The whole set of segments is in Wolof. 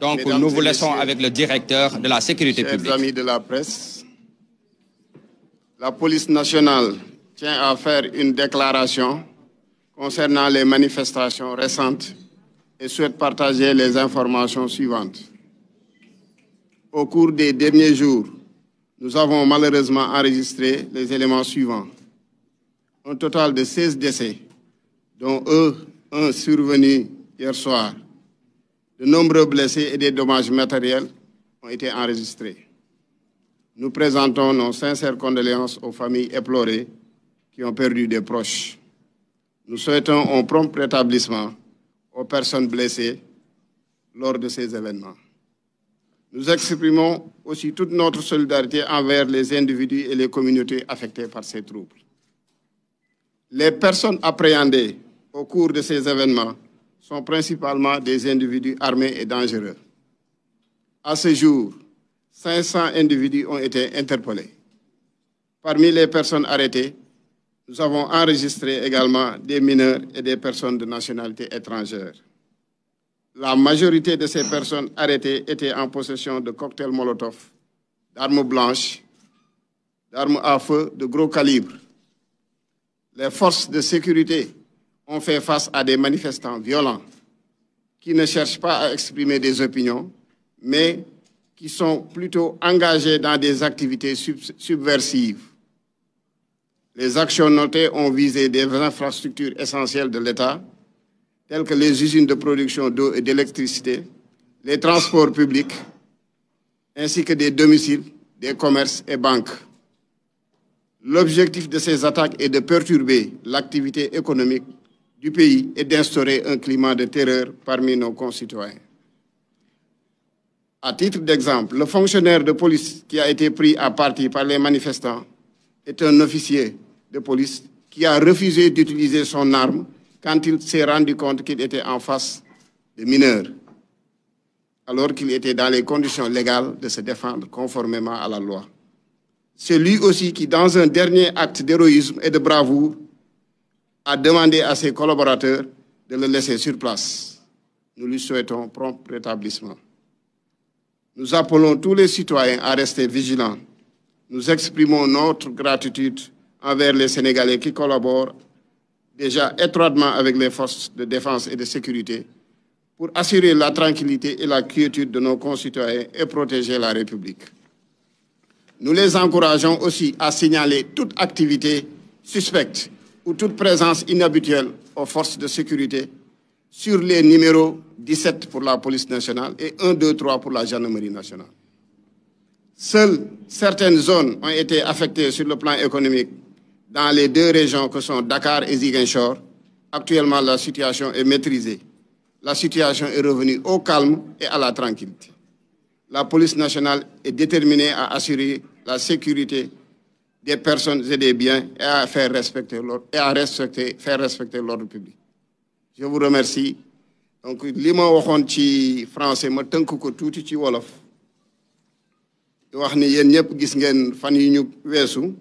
Donc, Mesdames nous vous laissons avec le directeur de la sécurité chers amis de la presse, la police nationale tient à faire une déclaration concernant les manifestations récentes et souhaite partager les informations suivantes. Au cours des derniers jours, nous avons malheureusement enregistré les éléments suivants. Un total de 16 décès, dont eux, un survenu hier soir, De nombreux blessés et des dommages matériels ont été enregistrés. Nous présentons nos sincères condoléances aux familles éplorées qui ont perdu des proches. Nous souhaitons un prompt rétablissement aux personnes blessées lors de ces événements. Nous exprimons aussi toute notre solidarité envers les individus et les communautés affectées par ces troubles. Les personnes appréhendées au cours de ces événements sont principalement des individus armés et dangereux. À ce jour, 500 individus ont été interpellés. Parmi les personnes arrêtées, nous avons enregistré également des mineurs et des personnes de nationalité étrangère. La majorité de ces personnes arrêtées étaient en possession de cocktails Molotov, d'armes blanches, d'armes à feu de gros calibre. Les forces de sécurité on fait face à des manifestants violents qui ne cherchent pas à exprimer des opinions, mais qui sont plutôt engagés dans des activités sub subversives. Les actions notées ont visé des infrastructures essentielles de l'État, telles que les usines de production d'eau et d'électricité, les transports publics, ainsi que des domiciles, des commerces et banques. L'objectif de ces attaques est de perturber l'activité économique du pays et d'instaurer un climat de terreur parmi nos concitoyens. À titre d'exemple, le fonctionnaire de police qui a été pris à partie par les manifestants est un officier de police qui a refusé d'utiliser son arme quand il s'est rendu compte qu'il était en face de mineurs, alors qu'il était dans les conditions légales de se défendre conformément à la loi. C'est lui aussi qui, dans un dernier acte d'héroïsme et de bravoure, à demander à ses collaborateurs de le laisser sur place. Nous lui souhaitons prompt rétablissement. Nous appelons tous les citoyens à rester vigilants. Nous exprimons notre gratitude envers les Sénégalais qui collaborent déjà étroitement avec les forces de défense et de sécurité pour assurer la tranquillité et la quiétude de nos concitoyens et protéger la République. Nous les encourageons aussi à signaler toute activité suspecte ou toute présence inhabituelle aux forces de sécurité sur les numéros 17 pour la police nationale et 1, 2, la gendarmerie nationale. Seules zones ont été affectées le plan économique dans les deux régions que sont Dakar et Ziguinchor. Actuellement, la situation est maîtrisée. La situation est au calme et à la tranquillité. La police nationale est déterminée à assurer la sécurité des personnes et des biens et à faire respecter l'ordre et à respecter faire respecter l'ordre public je vous remercie donc li ma waxoon ci français ma tënk ko tuuti ci wolof wax ni yéen ñëpp gis ngeen fan yu ñu weesu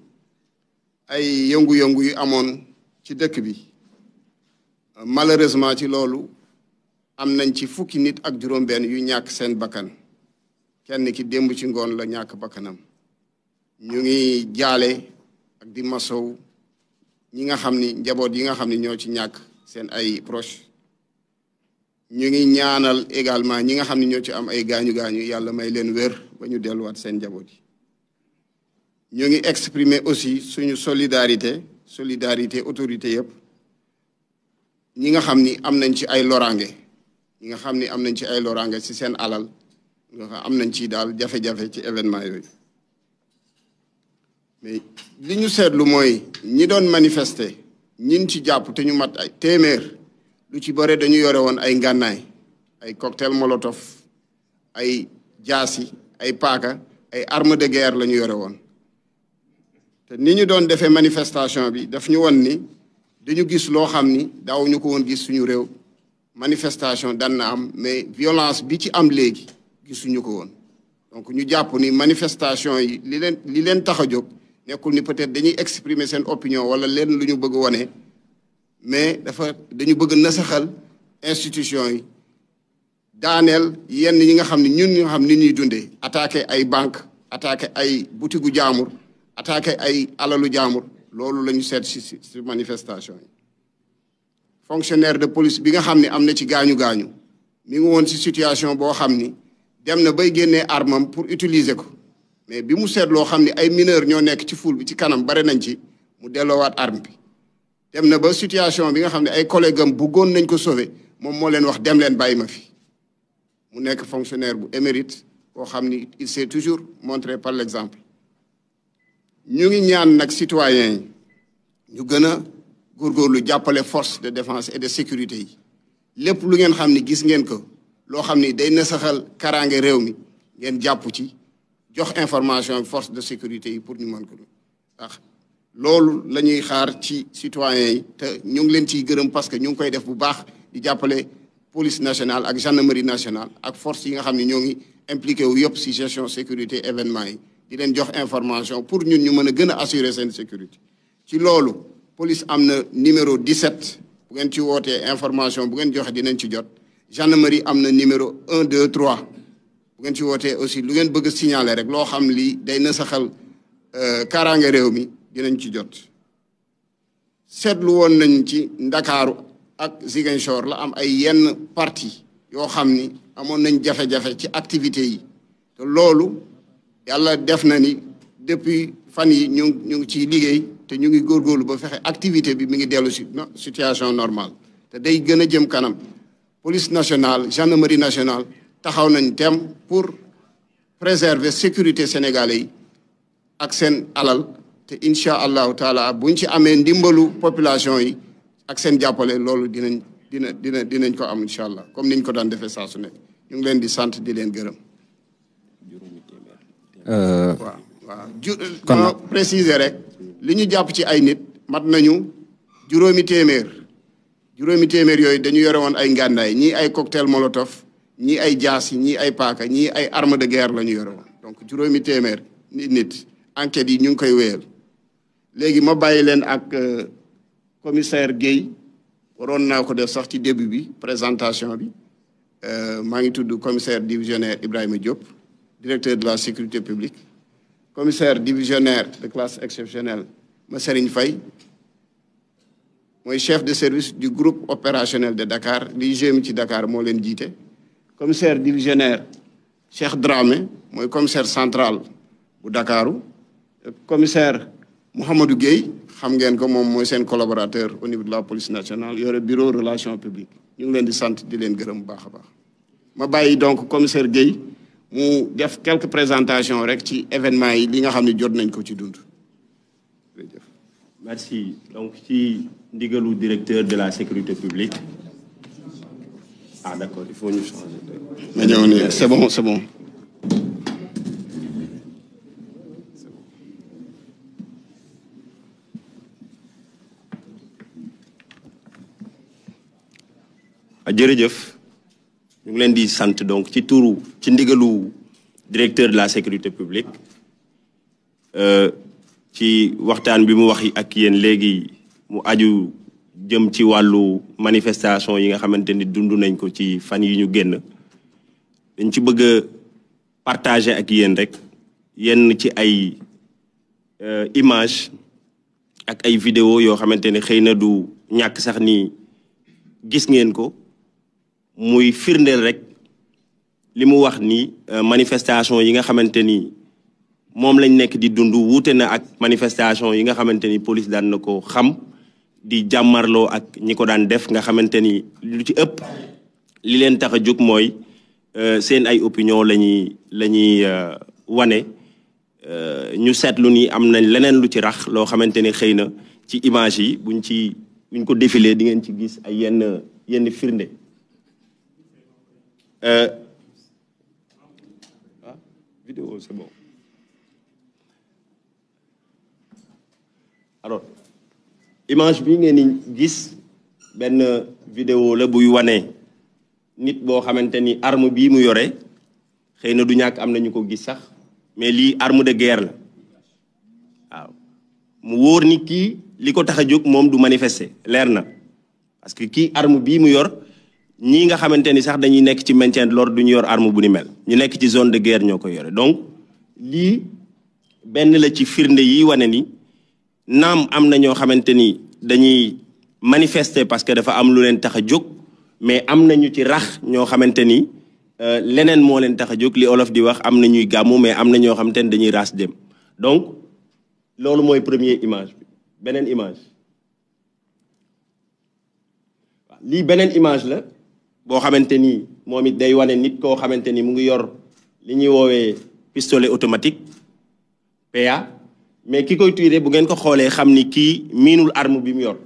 ay yëngu-yëngu yu amoon ci dëkk bi malheureusement ci loolu am nañ ci fukki nit ak juróom-benn yu ñàkk seen bakkan kenn ki démb ci ngoon la ñàkk bakkanam ñu ngi jaale ak di masow ñi nga xam ni njaboot yi nga xam ni ñoo ci ñàkk seen ay proche ñu ngi ñaanal également ñi nga xam ne ñoo ci am ay gaañu-gaañu yàlla may leen wér ba ñu delluwaat seen njaboot yi ñu ngi exprimer aussi suñu solidarité solidarité autorité yëpp ñi nga xam ni am nañ ci ay lorange ñi nga xam ni am nañ ci ay loraange ci seen alal nga xam am nañ ci daal jafe-jafe ci événement yooyu mais li ñu seetlu mooy ñi doon manifester ñin ci jàpp te ñu mat ay téeméer lu ci bare dañu yore woon ay ngànnaay ay cocktail molotov ay jaasi ay paaka ay arme de guerre la ñu yore woon te ni ñu doon defee manifestation bi def ñu won ni dañu gis loo xam ni daaw ñu ko woon gis suñu réew manifestation dan na am mais violence bi ci am léegi gisuñu ko woon donc ñu jàpp ni manifestation yi li leen li leen tax a jóg nekkul ni peut-être dañuy exprimer seen opinion wala leen lu ñu bëgg wane mais dafa dañu bëgg nasaxal institution yi daaneel yenn ñi nga xam ne ñun ñoo xam ni ñuy dundee attaqué ay banque attaqué ay butigu jaamur attaqué ay alalu jaamur loolu la ñu seet si manifestation yi fonctionnaire de police bi nga xam ne am na ci gaañu-gaañu mi ngi woon si situation boo xam ni dem na bay génnee armam pour utiliser ko mais bi mu seet loo xam ne ay mineur ñoo nekk ci foule bi ci kanam bare nañ ci mu delloowaat arme bi dem na ba situation bi nga xam ne ay collègue am bëggoon nañ ko sauver moom moo leen wax dem leen bàyyi ma fi mu nekk fonctionnaire bu émérite koo xam ni il s'est toujours montré par l'exemple ñu ngi ñaan nag citoyens yi ñu gën a góorgóorlu jàppale force de défense et de sécurité yi lépp lu ngeen xam ni gis ngeen ko loo xam ni day nasaxal karange réew mi ngeen jàpp ci jox information force de sécurité yi pour ñu mën ko ndax loolu la ñuy xaar ci citoyens yi te ñu ngi leen ciy gërëm parce que ñu ngi koy def bu baax di jàppale police nationale ak gendarmerie nationale ak force yi nga xam ne ñoo ngi impliqué wu yëpp si gestion sécurité événement yi di leen jox information pour ñun ñu mën a gën a assurer seen sécurité ci loolu police am na numéro 17 bu ngeen ci wootee information bu ngeen joxe dinañ ci jot gendarmerie am na numéro 1 2 3 bu ngeen ci wootee aussi lu ngeen bëgg a rek loo xam lii day na saxal euh, kaaraange réew mi dinañ ci jot seetlu woon nañ ci ndakaaru ak Ziguinchor la am ay yenn parti yoo xam ni amoon nañ jafe-jafe ci activité yi te loolu yàlla def na ni depuis fan yi ñu ñu ngi ciy liggéey te ñu ngi góorgóorlu ba fexe activité bi mi ngi dellu si situation normale te day gën a jëm kanam police nationale gendarmerie nationale taxaw nañ tem pour préserver sécurité sénégalais yi ak seen alal te incha allahu taala ñu ci amee ndimbalu population yi ak seen jàppale loolu dinañ dina dina dinañ ko am incha allah comme ni ñu ko daan defee saa su ñu ngi leen di sant di leen gërëm. Euh, waaw waaw euh, rek li ñu jàpp ci ay nit mat nañu juróomi téeméer juróomi téeméer yooyu dañu yore woon ay ngàndaay ñii ay cocktail molotov. ñii ay jaas ñii ay paaka ñii ay arme de guerre la ñu yore donc juróomi téeméer nit nit enquêtes yi ñu ngi koy wéyal léegi ma bàyyi leen ak euh, commissaire Guèye waroon naa ko de sax ci début bi présentation bi euh, maa ngi tudd commissaire divisionnaire Ibrahima Diop directeur de la sécurité publique commissaire divisionnaire de classe exceptionnelle Masserigne fay mooy chef de service du groupe opérationnel de Dakar li GMI ci Dakar moo leen jiite commissaire divisionnaire Cheikh Dramé mooy commissaire central bu Dakaaru commissaire Mouhamadou Gueye xam ngeen ko moom mooy seen collaborateur au niveau de la police nationale yore bureau relation publique ñu ngi leen di sant di leen gërëm bu baax a baax ma bàyyi donc commissaire Gueye mu def quelques présentation rek ci événement yi li nga xam ne jot nañ ko ci dund merci donc ci ndigalu directeur de la sécurité publique a ah, d'accord, il faut nous changer de... C'est ah, jërëjëf mu ngi leen di sant donc ci turu ci ndigalu directeur de la sécurité publique euh, ci waxtaan bi mu wax ak yéen léegi mu aju jëm ci wàllu manifestation yi nga xamante ni dund nañ ko ci fan yi ñu génn dañ ci bëgg a ak yéen rek yenn ci ay euh, image ak ay vidéo yoo xamante ne xëy na du ñàkk sax ni gis ngeen ko muy firndeel rek li mu wax ni euh, manifestation yi nga xamante ni moom lañ nekk di dund wuute na ak manifestation yi nga xamante ni police daan na ko xam di jàmmarloo ak ñi ko daan def nga xamante ni lu ci ëpp li leen tax a jóg mooy euh, seen ay opinion la ñuy la ñuy euh, wane euh, ñu seetlu ni am nañ leneen lu ci rax loo xamante ni xëy na ci image yi buñ ci buñ ko défilé di ngeen ci gis ay yenn yenn firnde ah, vidéo c'est image bi ngeen di gis benn video la buy wane nit boo xamante ni arme bii mu yore xëy na du ñàkk am na ñu ko gis sax mais lii arme de guerre la waaw mu wóor ni kii li ko tax a jóg moom du manifester leer na parce que kii arme bii mu yor ñii nga xamante ni sax dañuy nekk ci maintien de l'ordre du ñu yor arme bu ni mel ñu nekk ci zone de guerre ñoo koy yore donc lii benn la ci firnde yi wane ni naam am na ñoo xamante ni dañuy manifester parce que dafa am lu leen tax a jóg mais am na ñu ci rax ñoo xamante ni euh, leneen moo leen tax a jóg li olof di wax am na ñuy gàmmu mais am na ñoo xamante ni dañuy raas dem donc loolu mooy première image beneen image lii beneen image la boo xamante ni moom it day wane nit koo xamante ni mu ngi yor li ñuy woowee pistolet automatique PA mais ki koy tiire bu ngeen ko xoolee xam ni kii miinul arme bi mu yor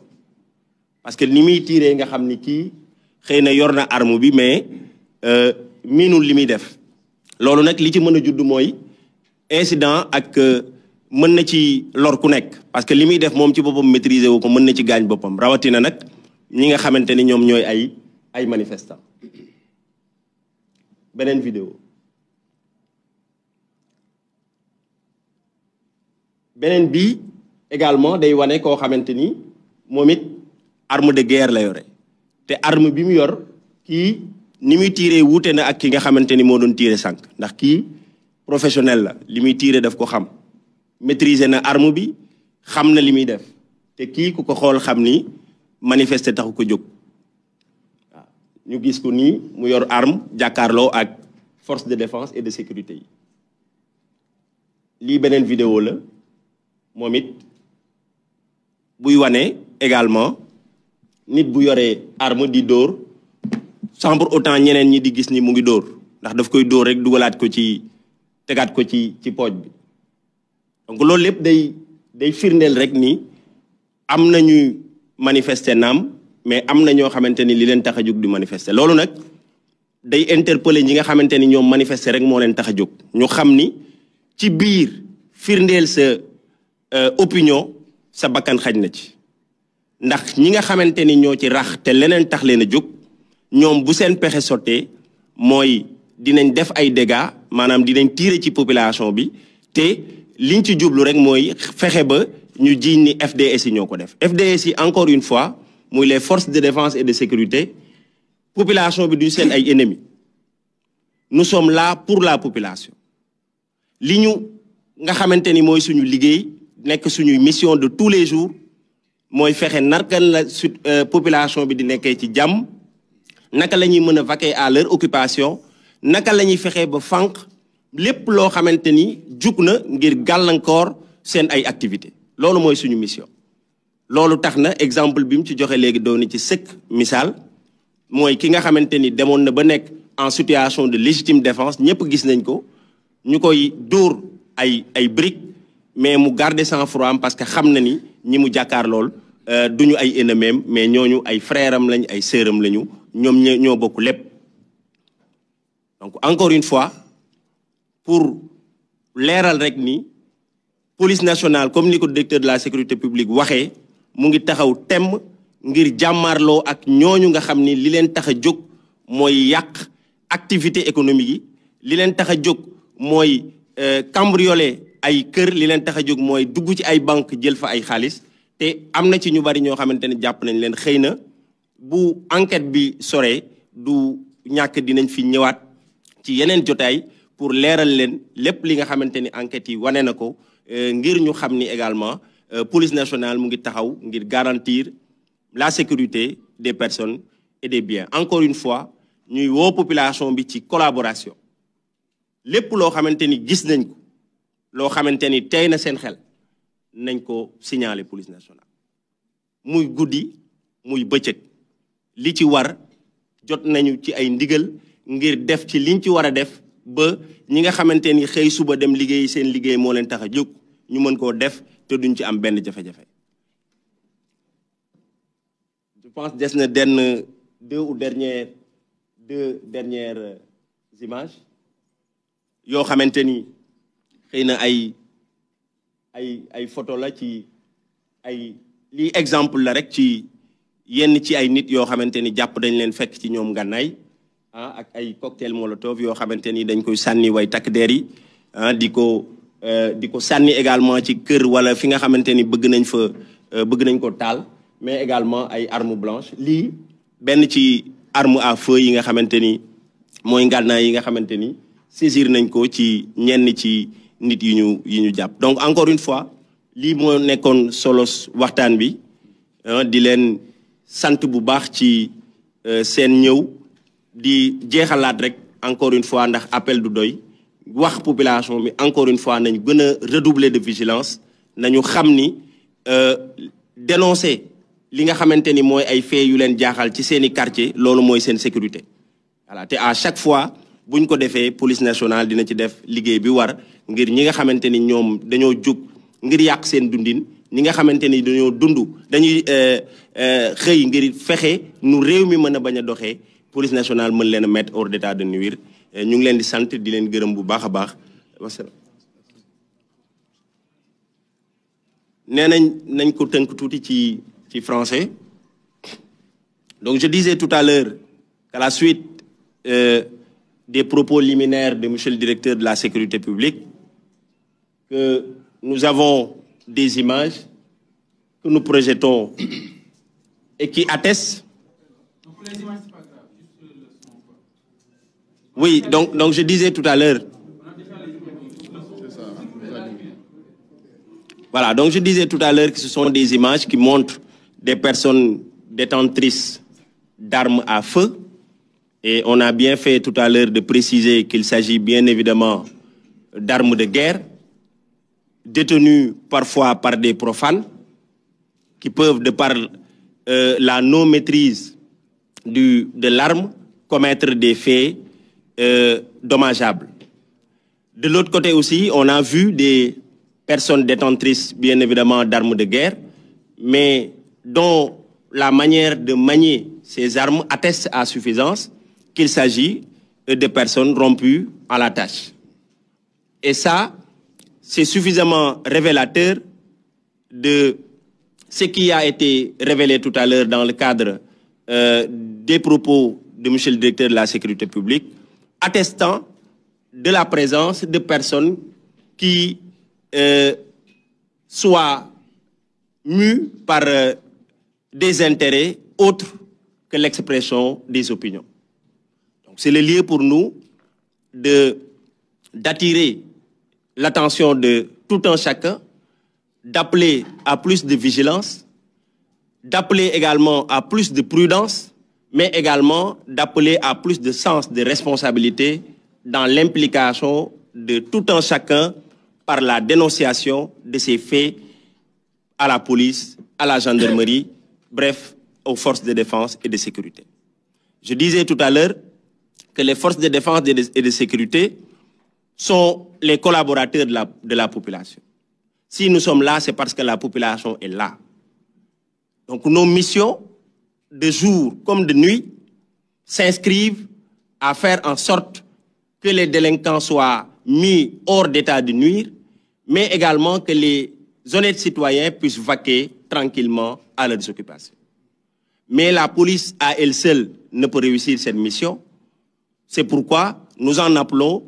parce que ni muy tiiree nga xam ni kii xëy na yor na arme bi mais euh, miinul li muy def loolu nag li ci mën a judd mooy incident ak euh, mën na ci lor ku nekk parce que li muy def moom ci boppam maîtriser wu ko mën na ci gaañ boppam rawatina nag ñi nga xamante ni ñoom ñooy ay ay manifestants beneen vidéo beneen bi également day wane koo xamante ni moom it arme de guerre la yore te arme bi mu yor kii ni muy tiire wuute na ak ki nga xamante ni moo doon tiire sànq ndax kii professionnel la li muy tiire daf ko xam maîtriser na arme bi xam na li muy def te kii ku ko xool xam ni manifester taxu ko jóg waaw ñu gis ko nii mu yor arme jàkkaarloo ak force de défense et de sécurité yi lii beneen vidéo la moom it buy wane également nit bu yore arme di dóor sans pour autant ñeneen ñi di gis ni mu ngi dóor ndax daf koy dóor rek dugalaat ko ci tegaat ko ci ci pooj bi donc loolu lépp day day firndeel rek ni am na ñuy manifester naam mais am na ñoo xamante ni li leen tax a jóg di manifester loolu nag day interpeller ñi nga xamante ni ñoom manifester rek moo leen tax a jóg ñu xam ni ci biir firndeel sa Euh, opinion sa bakkan xaj na ci ndax ñi nga xamante ni ñoo ci rax te leneen tax leen a jóg ñoom bu seen pexe sottee mooy dinañ def ay dégâts maanaam dinañ tiire ci population bi te liñ ci jublu rek mooy fexe ba ñu jiiñ ni FDS yi ñoo ko def FDS yi encore une fois muy les forces de défense et de sécurité population bi du seen ay ennemis nous sommes là pour la population li ñu nga xamante ni mooy suñu liggéey nekk suñuy mission de tous les jours mooy fexe narkan la su euh, population bi di nekkee ci jàmm naka la ñuy mën a vaquer à leur occupation naka la ñuy fexe ba fànq lépp loo xamante ni jug na ngir gàllankoor seen ay activités loolu mooy suñu mission. loolu tax na exemple bi mu ci joxe léegi doon ci sëkk misaal mooy ki nga xamante ni demoon na ba nekk en situation de légitime défense ñëpp gis nañ ko ñu koy dóor ay ay briques. mais mu garder sang-froid am parce que xam na ni ñi mu jàkkaar lool euh, du ñu ay ennemis mais ñooñu ay frères am lañ ay sœurs am lañu ñoom ñoo bokk lépp. donc encore une fois pour leeral rek ni police nationale comme ni ko directeur de la sécurité publique waxee mu ngi taxaw temm ngir jàmmarloo ak ñooñu nga xam ni li leen tax a jóg mooy yàq activité économique yi li leen tax a jóg mooy euh, cambrioler. ay kër li leen tax a jóg mooy dugg ci ay banque jël fa ay xaalis te am na ci ñu bari ñoo xamante ne jàpp nañ leen xëy na bu enquête bi sore du ñàkk dinañ fi ñëwaat ci yeneen jotaay pour leeral leen lépp li nga xamante ni enquête yi wane na ko euh, ngir ñu xam ni également euh, police nationale mu ngi taxaw ngir garantir la sécurité des personnes et des bien encore une fois ñuy woo population bi ci collaboration lépp loo xamante ni gis nañ ko loo xamante ni tey na seen xel nañ ko signaler police nationale muy guddi muy bëccëg li ci war jot nañu ci ay ndigal ngir def ci liñ ci war a def ba ñi nga xamante ni xëy suba dem liggéey seen liggéey moo leen tax a jóg ñu mën koo def te duñ ci am benn jafe-jafe je pense des na denn deux ou dernière deux dernières images yoo xamante ni xëy na ay ay ay photo la ci ay lii exemple la rek ci yenn ci ay nit yoo xamante ni jàpp dañ leen fekk ci ñoom gànnaay ah ak ay cocktail molotov yoo xamante ni dañ koy sànni way takk der yi ah di ko euh, di ko sànni également ci kër wala fi nga xamante ni bëgg nañ fa euh, bëgg nañ ko taal mais également ay armes blanches lii benn ci arme à feu yi nga xamante ni mooy ngànnaay yi nga xamante ni saisir nañ ko ci ñenn ci nit yi ñu yi ñu jàpp donc encore une fois lii moo nekkoon solo waxtaan bi ah, di leen sant bu baax ci euh, seen ñëw di jeexalaat rek encore une fois ndax appel du doy wax population bi encore une fois nañu gën a redoubler de vigilance nañu xam ni euh, dénoncer li nga xamante ni mooy ay faits yu leen jaaxal ci seeni quartier loolu mooy seen sécurité voilà te à chaque fois buñ ko defee police nationale dina ci def liggéey bi war ngir ñi nga xamante ni ñoom dañoo jóg ngir yàq seen dundin ñi nga xamante ni dañoo dund dañuy euh, euh, xëy ngir fexe nu réew mi mën a bañ a doxee police nationale mën leen a mettre hors d'état de nuire euh, ñu ngi leen di sant di leen gërëm bu baax a baax wasalaam nañ nañ ko tënk tuuti ci ci français donc je disais tout à l'heure qu'à la suite des propos liminaires de monsieur le directeur de la sécurité publique que nous avons des images que nous projetons et qui attestent Oui, donc, donc je disais tout à l'heure. Voilà, donc je disais tout à l'heure que ce sont des images qui montrent des personnes détentrices d'armes à feu Et on a bien fait tout à l'heure de préciser qu'il s'agit bien évidemment d'armes de guerre, détenues parfois par des profanes, qui peuvent, de par euh, la non-maîtrise de l'arme, commettre des faits euh, dommageables. De l'autre côté aussi, on a vu des personnes détentrices, bien évidemment, d'armes de guerre, mais dont la manière de manier ces armes atteste à suffisance qu'il s'agit euh, de personnes rompues à la tâche. Et ça, c'est suffisamment révélateur de ce qui a été révélé tout à l'heure dans le cadre euh, des propos de M. le directeur de la sécurité publique, attestant de la présence de personnes qui euh, soient mues par euh, des intérêts autres que l'expression des opinions. c'est le lieu pour nous de d'attirer l'attention de tout un chacun, d'appeler à plus de vigilance, d'appeler également à plus de prudence, mais également d'appeler à plus de sens de responsabilité dans l'implication de tout un chacun par la dénonciation de ces faits à la police, à la gendarmerie, bref, aux forces de défense et de sécurité. Je disais tout à l'heure que les forces de défense et de sécurité sont les collaborateurs de la, de la population. Si nous sommes là, c'est parce que la population est là. Donc nos missions, de jour comme de nuit, s'inscrivent à faire en sorte que les délinquants soient mis hors d'état de nuire, mais également que les honnêtes citoyens puissent vaquer tranquillement à leurs occupations. Mais la police à elle seule ne peut réussir cette mission C'est pourquoi nous en appelons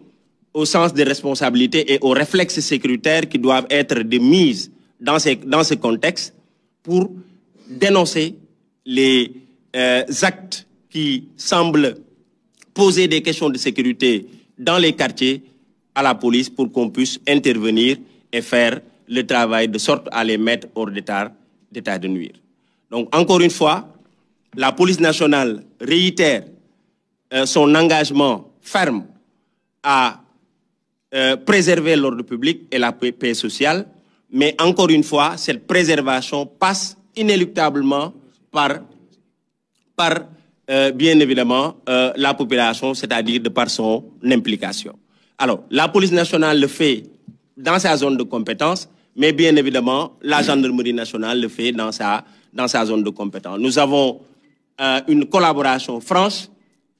au sens de responsabilités et aux réflexes sécuritaires qui doivent être de mise dans, dans ce contexte pour dénoncer les euh, actes qui semblent poser des questions de sécurité dans les quartiers à la police pour qu'on puisse intervenir et faire le travail de sorte à les mettre hors d'état de nuire. Donc encore une fois, la police nationale réitère Euh, son engagement ferme à euh, préserver l'ordre public et la paix sociale. Mais encore une fois, cette préservation passe inéluctablement par, par euh, bien évidemment, euh, la population, c'est-à-dire de par son implication. Alors, la police nationale le fait dans sa zone de compétence, mais bien évidemment, la gendarmerie nationale le fait dans sa, dans sa zone de compétence. Nous avons euh, une collaboration franche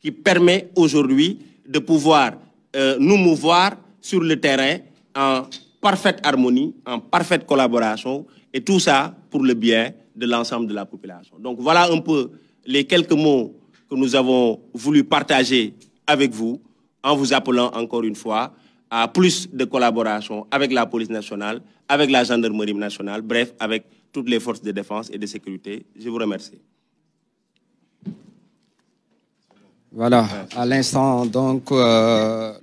qui permet aujourd'hui de pouvoir euh, nous mouvoir sur le terrain en parfaite harmonie, en parfaite collaboration, et tout ça pour le bien de l'ensemble de la population. Donc voilà un peu les quelques mots que nous avons voulu partager avec vous, en vous appelant encore une fois à plus de collaboration avec la police nationale, avec la gendarmerie nationale, bref, avec toutes les forces de défense et de sécurité. Je vous remercie. Voilà, à l'instant, donc... Euh